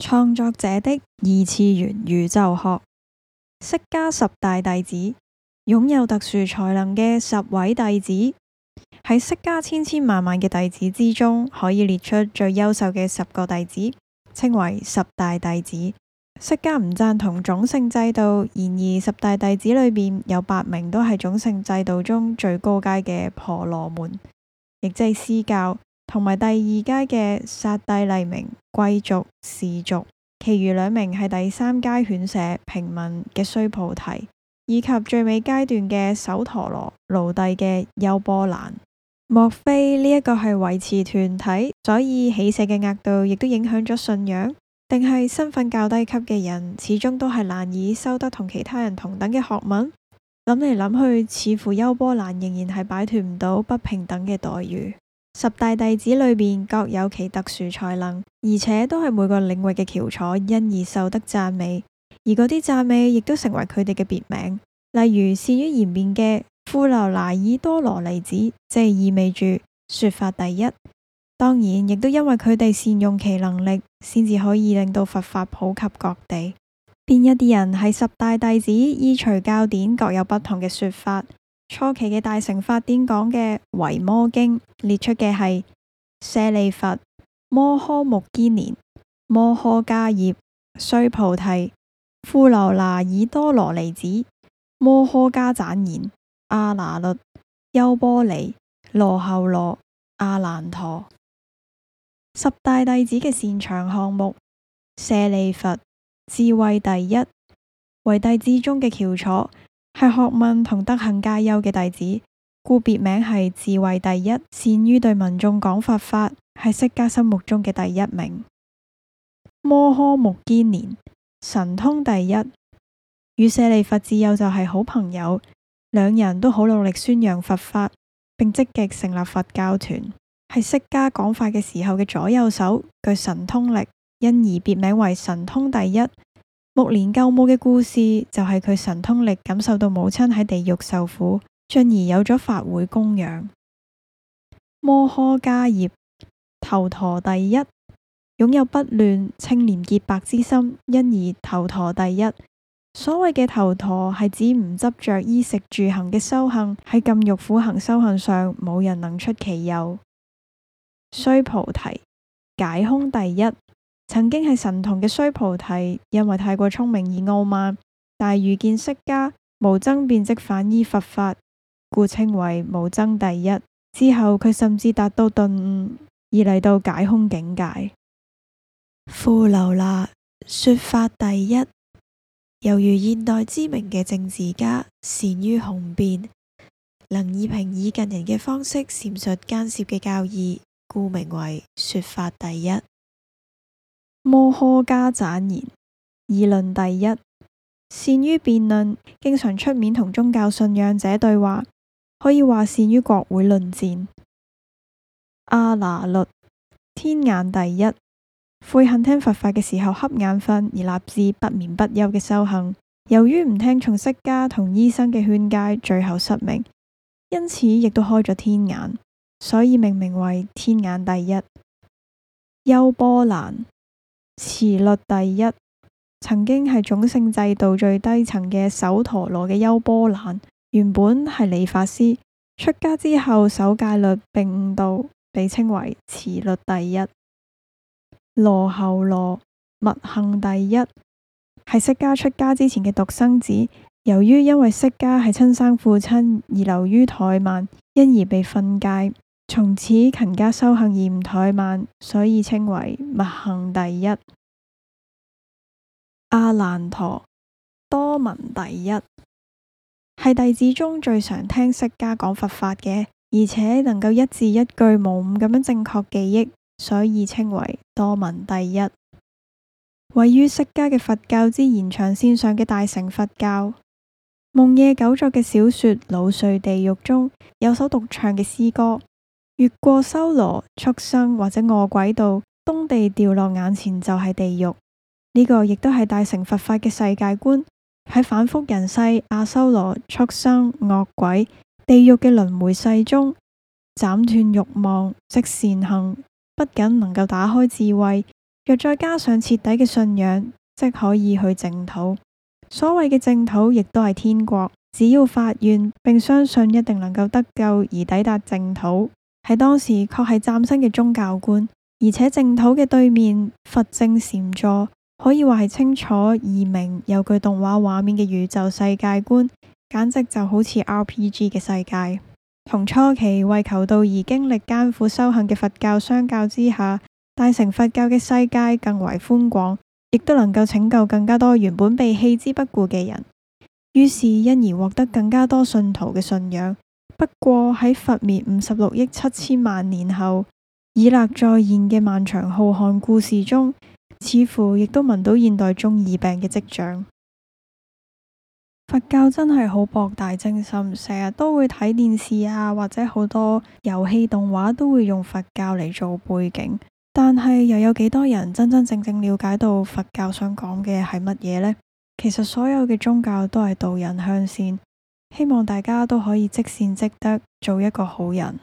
創作者的異次元宇宙學，釋迦十大弟子，擁有特殊才能嘅十位弟子。喺釋迦千千萬萬嘅弟子之中，可以列出最優秀嘅十個弟子，稱為十大弟子。釋迦唔贊同種姓制度，然而十大弟子裏邊有八名都係種姓制度中最高階嘅婆羅門，亦即係司祭。同埋第二階嘅剎帝利名貴族氏族，其餘兩名係第三階犬舍平民嘅須菩提，以及最尾階段嘅首陀羅奴隸嘅優波蘭。莫非呢一個係維持團體，所以起舍嘅額度亦都影響咗信仰？定係身份較低級嘅人始終都係難以修得同其他人同等嘅學問？諗嚟諗去，似乎優波蘭仍然係擺脫唔到不平等嘅待遇。十大弟子裏邊各有其特殊才能，而且都係每個領域嘅翹楚，因而受得讚美。而嗰啲讚美亦都成為佢哋嘅別名，例如善於言辯嘅富樓那彌多羅尼子，即係意味住說法第一。當然，亦都因為佢哋善用其能力，先至可以令到佛法普及各地。邊一啲人係十大弟子？依循教典各有不同嘅說法。初期嘅大乘法典講嘅《維摩經》列出嘅係舍利弗、摩訶目犍連、摩訶迦葉、須菩提、富樓那爾多羅尼子、摩訶迦旃延、阿那律、優波離、羅睺羅、阿難陀十大弟子嘅擅長項目。舍利弗智慧第一，為弟子中嘅翹楚。係學問同德行皆優嘅弟子，故別名係智慧第一。善於對民眾講佛法，係釋迦心目中嘅第一名。摩訶目犍連神通第一，與舍利弗自幼就係好朋友，兩人都好努力宣揚佛法，並積極成立佛教團，係釋迦講法嘅時候嘅左右手，具神通力，因而別名為神通第一。木蓮救母嘅故事就係佢神通力感受到母親喺地獄受苦，進而有咗法會供養。摩訶迦葉頭陀第一，擁有不亂清廉潔白之心，因而頭陀第一。所謂嘅頭陀係指唔執着衣食住行嘅修行，喺禁慾苦行修行上，冇人能出其右。須菩提解空第一。曾經係神童嘅須菩提，因為太過聰明而傲慢，但遇見釋迦，無爭辯即反依佛法，故稱為無爭第一。之後佢甚至達到頓悟，而嚟到解空境界。富樓那說法第一，猶如現代知名嘅政治家，善於雄辯，能以平易近人嘅方式闡述艱澀嘅教義，故名為說法第一。摩訶迦旃延議論第一，善於辯論，經常出面同宗教信仰者對話，可以話善於國會論戰。阿那律天眼第一，悔恨聽佛法嘅時候瞌眼瞓而立志不眠不休嘅修行，由於唔聽從釋迦同醫生嘅勸誡，最後失明，因此亦都開咗天眼，所以命名為天眼第一。優波難。持律第一，曾經係種姓制度最低層嘅首陀羅嘅優波蘭，原本係理髮師，出家之後守戒律並悟道，被稱為持律第一。羅睺羅密行第一，係釋迦出家之前嘅獨生子，由於因為釋迦係親生父親而流於怠慢，因而被訓戒。從此勤加修行，而唔怠慢，所以稱為密行第一。阿難陀多聞第一，係弟子中最常聽釋迦講佛法嘅，而且能夠一字一句無誤咁樣正確記憶，所以稱為多聞第一。位於釋迦嘅佛教之延長線上嘅大乘佛教，夢野久作嘅小說《腦髓地獄》中有首獨唱嘅詩歌。越過修羅、畜生或者惡鬼道，東地掉落眼前就係地獄。呢、這個亦都係大乘佛法嘅世界觀，喺反覆人世、阿修羅、畜生、惡鬼、地獄嘅輪回世中，斬斷欲望，即善行，不僅能夠打開智慧，若再加上徹底嘅信仰，即可以去淨土。所謂嘅淨土亦都係天國，只要發願並相信一定能夠得救而抵達淨土。喺當時，確係嶄新嘅宗教觀，而且淨土嘅對面佛正禪座可以話係清楚易明，有具動畫畫面嘅宇宙世界觀，簡直就好似 RPG 嘅世界。同初期為求道而經歷艱苦修行嘅佛教相較之下，大乘佛教嘅世界更為寬廣，亦都能夠拯救更加多原本被棄之不顧嘅人，於是因而獲得更加多信徒嘅信仰。不過喺佛滅五十六億七千萬年後，彌勒再現嘅漫長浩瀚故事中，似乎亦都聞到現代中二病嘅跡象。佛教真係好博大精深，成日都會睇電視啊，或者好多遊戲動畫都會用佛教嚟做背景，但係又有幾多人真真正正了解到佛教想講嘅係乜嘢呢？其實所有嘅宗教都係導人向善。希望大家都可以積善積德，做一個好人。